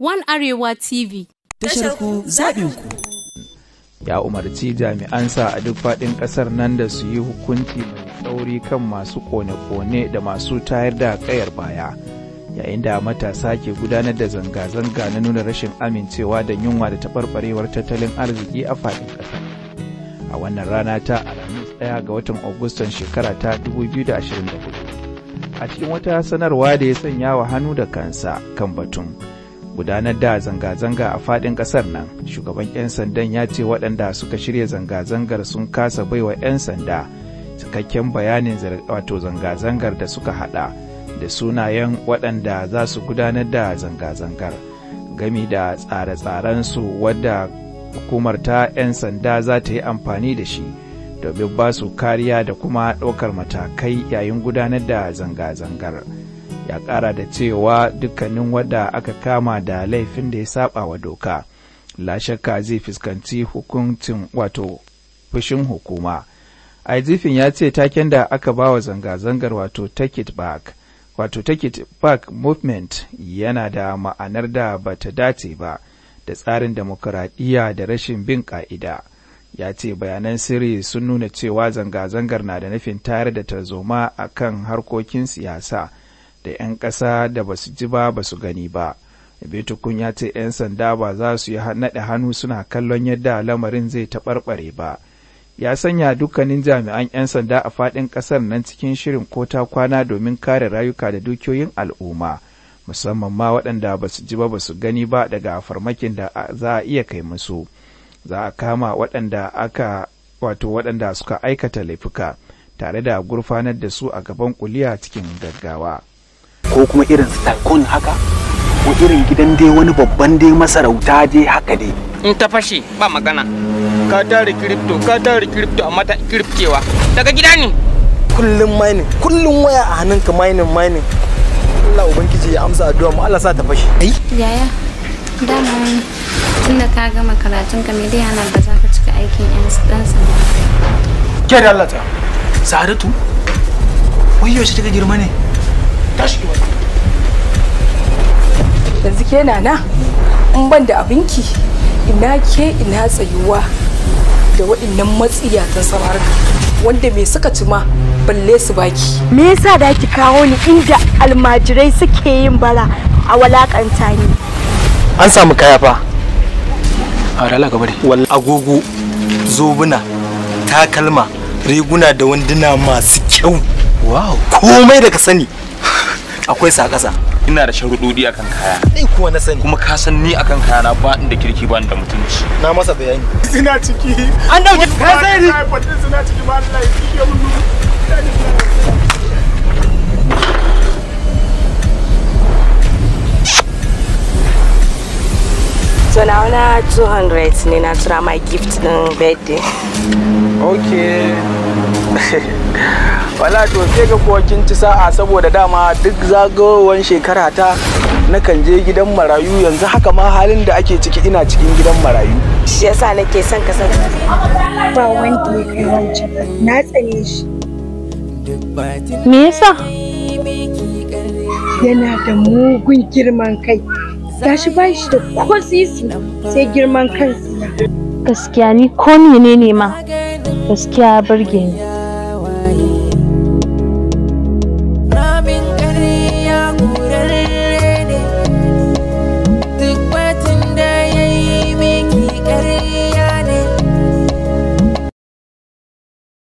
One Arewa TV. Tashar ku zaɓin ku. Ya umarci jami'an sa a duk faɗin ƙasar nan da su yi hukunci mai tsauri kan masu kone-kone da masu tayar da ƙayar baya. Yayin da matasa ke gudanar da zanga-zanga na nuna rashin amincewa da yunwa da taɓarɓarewar tattalin arziki a faɗin ƙasar. A wannan rana ta Alhamis ɗaya ga watan Agustan shekara ta 2024. A cikin wata sanarwa da ya sanya wa hannu da kansa kan batun. gudanar da zanga-zanga a fadin kasar nan shugaban 'yan sandan ya ce waɗanda suka shirya zanga-zangar sun kasa baiwa 'yan sanda cikakken bayanin wato zanga-zangar da suka hada da sunayen waɗanda za su gudanar da zanga-zangar gami da tsare tsaren su wadda hukumar ta 'yan sanda za ta yi amfani da shi domin ba su kariya da kuma ɗaukar matakai yayin gudanar da zanga-zangar. ya ƙara da cewa dukkanin wadda aka kama da laifin da ya saba wa doka la shakka zai fuskanci hukuncin wato fushin hukuma aizifin ya ce taken da aka ba wa zanga-zangar wato take it back wato take it back movement yana da ma'anar da ba ta dace ba da tsarin demokuraɗiyya da rashin bin ƙa'ida ya ce bayanan sirri sun nuna cewa zanga-zangar na da nufin tare da tarzoma a kan harkokin siyasa da 'yan ƙasa da ba su ji ba ba su gani ba. Betukun ya ce 'yan sanda ba za su yi naɗa hannu suna kallon yadda lamarin zai taɓarɓare ba. Ya sanya dukkanin jami'an 'yan sanda a faɗin ƙasar nan cikin shirin ko ta kwana domin kare rayuka da dukiyoyin al'umma, musamman ma waɗanda ba su ji ba ba su gani ba daga farmakin da za a iya kai musu. Za a kama waɗanda aka wato waɗanda suka aikata laifuka tare da gurfanar da su a gaban kuliya cikin gaggawa. ko kuma irin stalkon haka ko irin gidan dai wani babban dai masarauta dai haka dai in ta fashe ba magana ka tare crypto ka tare crypto amma ta kirfkewa daga gida ne kullum mining kullum waya a hannunka mining mining Allah ubangiji ya amsa addu'a mu Allah sa ta fashe yaya dama tunda ka gama karatun ka me dai yana ba za ka cika aikin yan dan sanda ke da Allah ta Saratu wai shi kika girma ne tashi ki yanzu ke na, in ban da abinki ina ke ina tsayuwa da waɗannan matsiyatan samarin wanda me suka ci ma balle su baki me yasa da ki kawo ni inda almajirai suke yin bara a walakanta ni an samu kaya fa a rala agogo zobuna takalma riguna da wanduna masu kyau wow komai da ka sani akwai sa kasa ina da sharuɗoɗi akan kaya ni kuwa na sani kuma ka san ni akan kaya na ba inda kirki ba inda mutunci na masa bayani zina ciki an dauke ka sai ni zina ciki ba Allah ya kike So now na 200 ne na tura my gift din birthday. Okay. wala to sai ga kuwa kin ci sa'a saboda dama duk zagawowar shekara ta kan je gidan marayu yanzu haka ma halin da ake ciki ina cikin gidan marayu shi yasa nake son ka san ba wanda ya kai wancan na tsane shi me yasa yana da mugun girman kai gashi ba shi da ko sisi sai girman kansa gaskiya ni ko menene ma gaskiya burge ni Твоей.